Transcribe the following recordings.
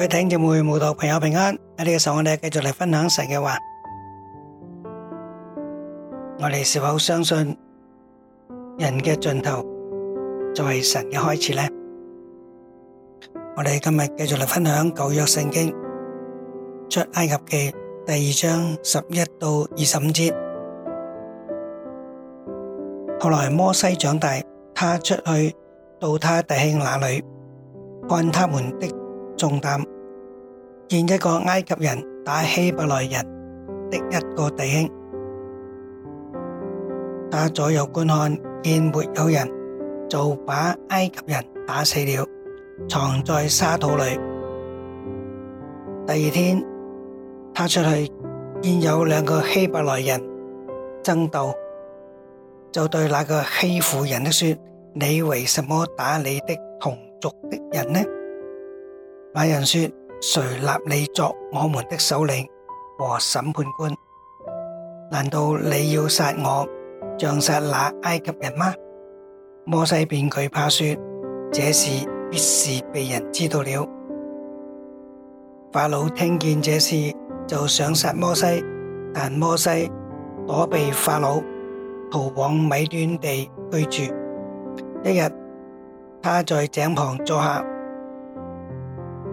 各位聽眾，每晚無道朋友平安。喺呢個時候，我哋繼續嚟分享神嘅話。我哋是否相信人嘅盡頭就係神嘅開始呢？我哋今日繼續嚟分享舊約聖經出埃及記第二章十一到二十五節。後來摩西長大，他出去到他弟兄那裏看他們的重擔，見一個埃及人打希伯來人的一個弟兄，他左右觀看，見沒有人，就把埃及人打死了，藏在沙土裏。第二天，他出去見有兩個希伯來人爭鬥，就對那個欺負人的說：你為什麼打你的同族的人呢？那人說：誰立你作我們的首領和審判官？難道你要殺我，像殺那埃及人嗎？摩西便懼怕說：這事必是被人知道了。法老聽見這事，就想殺摩西，但摩西躲避法老，逃往米端地居住。一日，他在井旁坐下。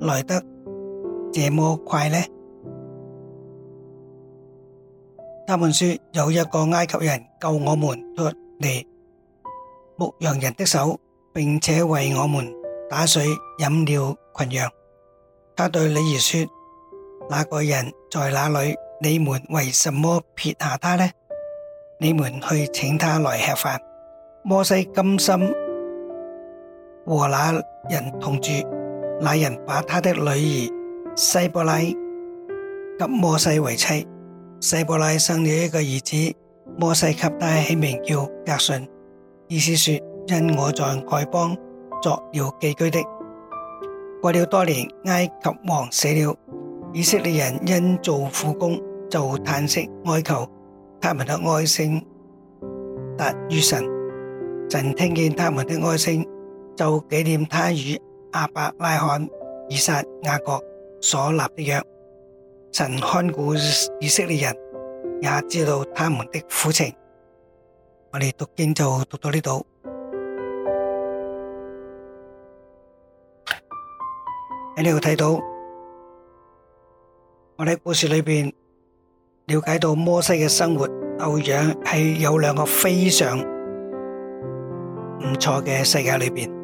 來得這麼快呢？他們說有一個埃及人救我們脱離牧羊人的手，並且為我們打水、飲料、群羊。他對女兒說：那個人在哪裡？你們為什麼撇下他呢？你們去請他來吃飯。摩西甘心和那人同住。那人把他的女兒西波拉給摩西為妻，西波拉生了一個兒子，摩西給他起名叫革舜，意思說因我在外邦作了寄居的。過了多年，埃及王死了，以色列人因做苦工就嘆息哀求，他們的哀聲達於神，神聽見他們的哀聲就紀念他與。阿伯拉罕、以撒、雅各所立的約，曾看顧以色列人，也知道他們的苦情。我哋讀經就讀到呢度。喺呢度睇到，我哋喺故事裏邊了解到摩西嘅生活、教養，係有兩個非常唔錯嘅世界裏邊。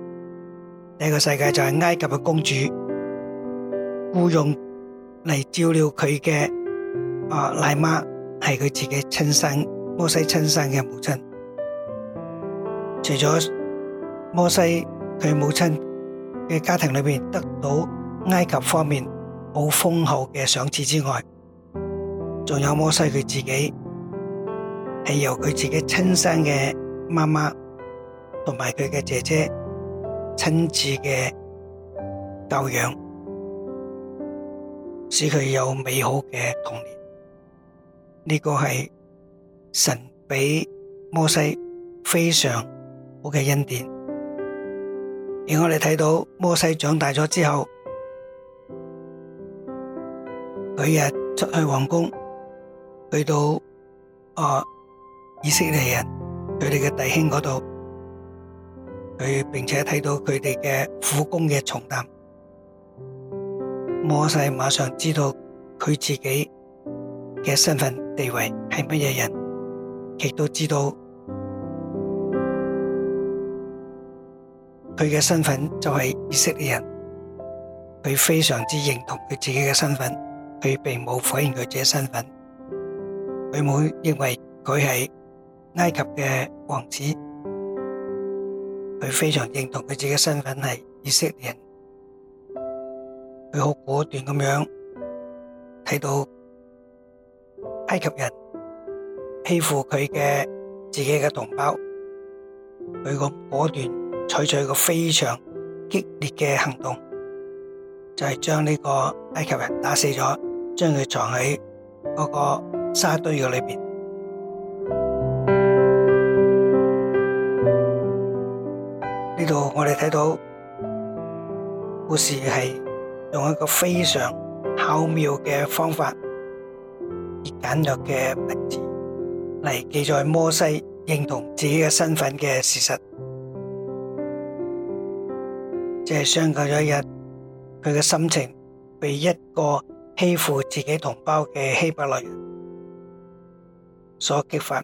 呢個世界就係埃及嘅公主僱傭嚟,照料佢嘅啊奶媽，係佢自己親生摩西親生嘅母親。除咗摩西佢母親嘅家庭裡面得到埃及方面好豐厚嘅賞賜之外，仲有摩西佢自己係由佢自己親生嘅媽媽同埋佢嘅姐姐。親自嘅教養，使佢有美好嘅童年。呢個係神俾摩西非常好嘅恩典。而我哋睇到摩西長大咗之後，佢日出去王宮，去到啊以色列人佢哋嘅弟兄嗰度。佢並且睇到佢哋嘅苦工嘅重擔，摩西馬上知道佢自己嘅身份地位係乜嘢人，亦都知道佢嘅身份就係以色列人。佢非常之認同佢自己嘅身份，佢並冇否認佢自己身份，佢冇認為佢係埃及嘅王子。佢非常認同佢自己身份係以色列人，佢好果斷咁樣睇到埃及人欺負佢嘅自己嘅同胞，佢咁果斷採取一個非常激烈嘅行動，就係將呢個埃及人打死咗，將佢藏喺嗰個沙堆嘅裏邊。我哋睇到故事係用一個非常巧妙嘅方法，以簡略嘅文字嚟記載摩西認同自己嘅身份嘅事實。即係相隔咗一日，佢嘅心情被一個欺負自己同胞嘅希伯來人所激發。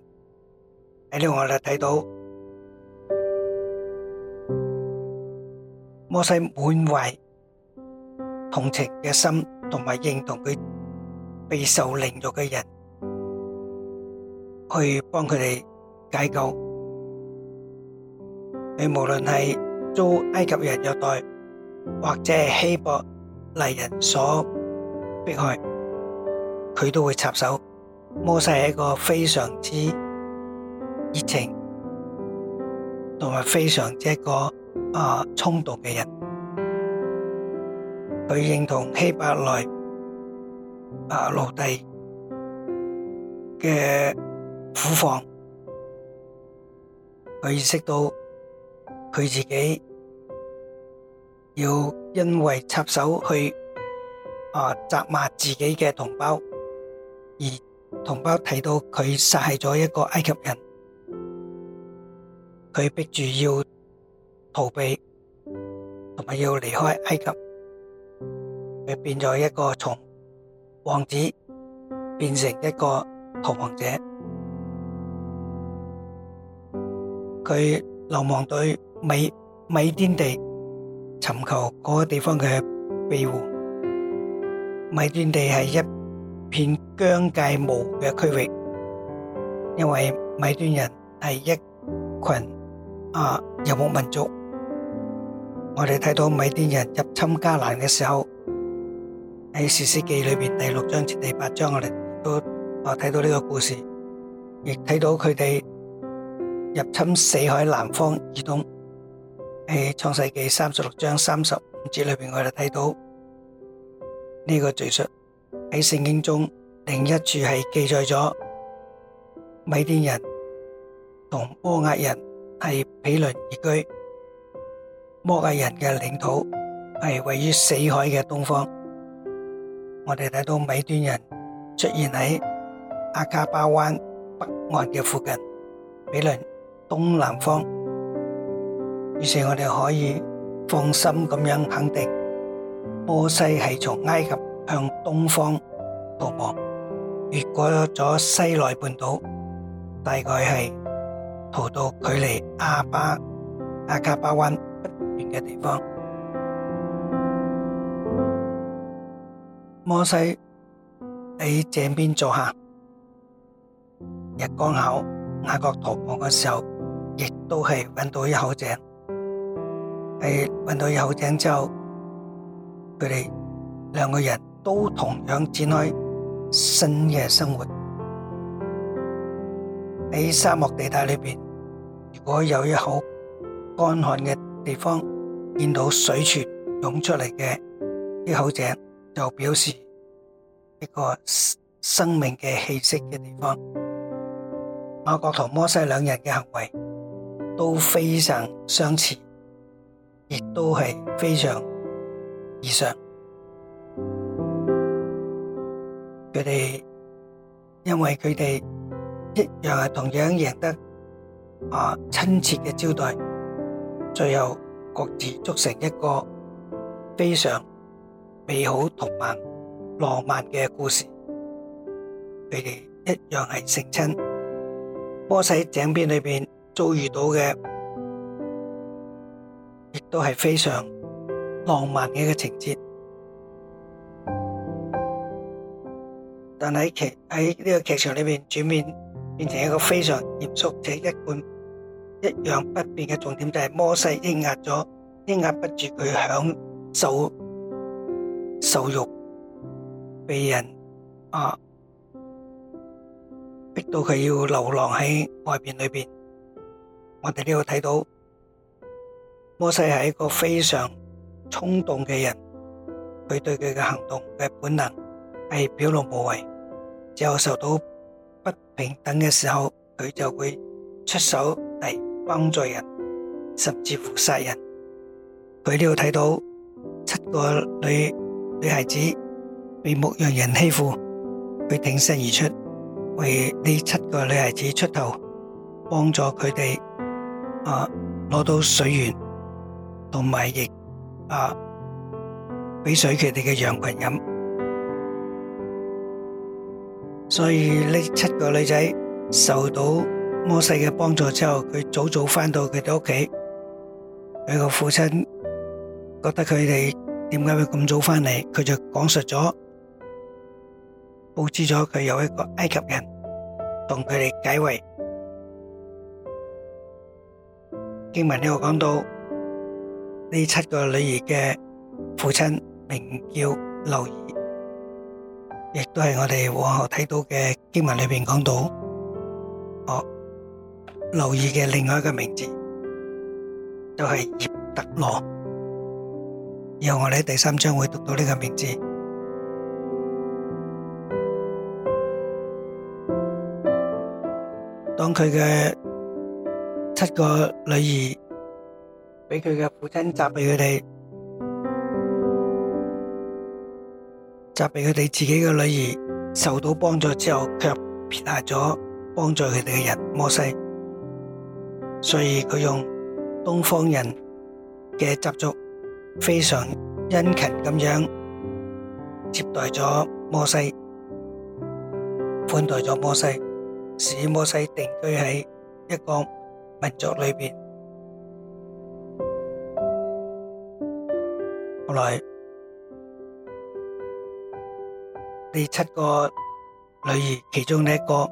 喺呢度，我哋睇到。摩西滿懷同情嘅心，同埋認同佢備受凌辱嘅人，去幫佢哋解救。佢無論係遭埃及人虐待，或者係希伯來人所迫害，佢都會插手。摩西係一個非常之熱情，同埋非常之一個。啊！衝動嘅人，佢認同希伯來啊奴隸嘅苦況，佢意識到佢自己要因為插手去啊責罵自己嘅同胞，而同胞睇到佢殺咗一個埃及人，佢逼住要。逃避同埋要離開埃及，佢變咗一個從王子變成一個逃亡者。佢流亡對米米甸地尋求嗰個地方嘅庇護。米甸地係一片疆界無嘅區域，因為米甸人係一群啊游牧民族。我哋睇到米甸人入侵迦南嘅時候，喺士師記裏邊第六章至第八章，我哋都啊睇到呢個故事，亦睇到佢哋入侵死海南方以東。喺創世記三十六章三十五節裏邊，我哋睇到呢個敘述。喺聖經中另一處係記載咗米甸人同摩押人係毗鄰而居。摩亞人嘅領土係位於死海嘅東方，我哋睇到米端人出現喺阿卡巴灣北岸嘅附近，比鄰東南方。於是我哋可以放心咁樣肯定，波西係從埃及向東方逃亡，越過咗西奈半島，大概係逃到距離阿巴阿卡巴灣。摩西喺井邊坐下，日光口雅各逃亡嘅時候，亦都係搵到一口井。喺搵到一口井之後，佢哋兩個人都同樣展開新嘅生活喺沙漠地帶裏邊。如果有一口乾旱嘅地方，見到水泉湧出嚟嘅一口井，就表示一個生命嘅氣息嘅地方。亞伯陀同摩西兩人嘅行為都非常相似，亦都係非常異常。佢哋因為佢哋一樣係同樣贏得啊親切嘅招待，最後。各自組成一個非常美好同埋浪漫嘅故事，佢哋一樣係成親。波西井邊裏邊遭遇到嘅，亦都係非常浪漫嘅一個情節。但喺劇喺呢個劇場裏邊，轉變變成一個非常嚴肅且一本。一樣不變嘅重點就係摩西抑壓咗，抑壓不住佢享受受辱，被人啊逼到佢要流浪喺外邊裏邊。我哋呢度睇到摩西係一個非常衝動嘅人，佢對佢嘅行動嘅本能係表露無遺，只有受到不平等嘅時候，佢就會出手嚟。幫助人，甚至乎殺人。佢呢度睇到七個女女孩子被牧羊人欺負，佢挺身而出，為呢七個女孩子出頭，幫助佢哋啊攞到水源，同埋亦啊俾水佢哋嘅羊群飲。所以呢七個女仔受到。摩西嘅幫助之後，佢早早翻到佢哋屋企。佢個父親覺得佢哋點解會咁早翻嚟，佢就講述咗，告知咗佢有一個埃及人同佢哋解圍。經文呢度講到呢七個女兒嘅父親名叫流珥，亦都係我哋往後睇到嘅經文裏邊講到。留意的另外一個名字，就是葉特羅。以後我哋喺第三章會讀到這個名字。當他的七個女兒被他的父親責備他們責備他們自己的女兒受到幫助之後，卻撇下了幫助他們的人，摩西。所以佢用東方人嘅習俗，非常殷勤咁樣接待咗摩西，款待咗摩西，使摩西定居喺一個民族裏面。後來呢七個女兒其中呢一個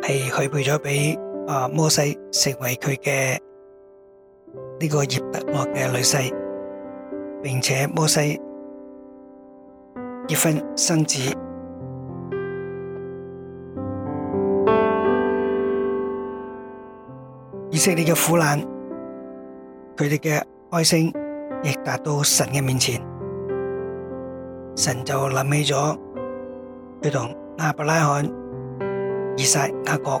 係許配咗畀。啊！摩西成為佢嘅呢個葉忒羅嘅女婿，並且摩西結婚生子，以色列嘅苦難，佢哋嘅哀聲亦達到神嘅面前，神就諗起咗佢同亞伯拉罕、以撒、雅各。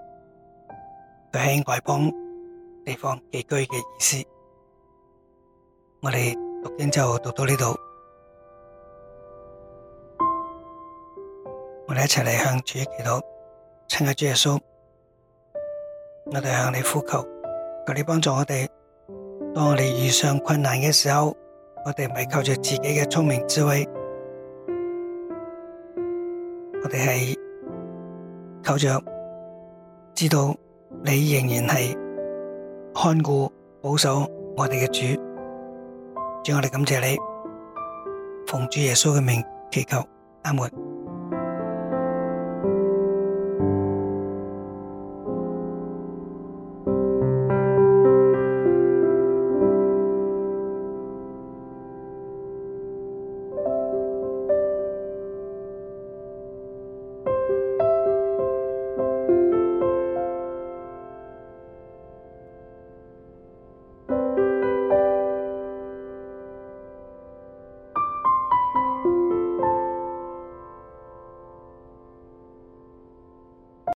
佢喺外邦地方寄居嘅意思，我哋讀經就讀到呢度，我哋一齊嚟，向主祈禱，親愛主耶穌，我哋向你呼求，求你幫助我哋，當我哋遇上困難嘅時候，我哋唔係靠住自己嘅聰明智慧，我哋係靠住知道。你仍然是看顧、保守我哋嘅主，主，我哋感謝你，奉主耶穌嘅名祈求，阿門。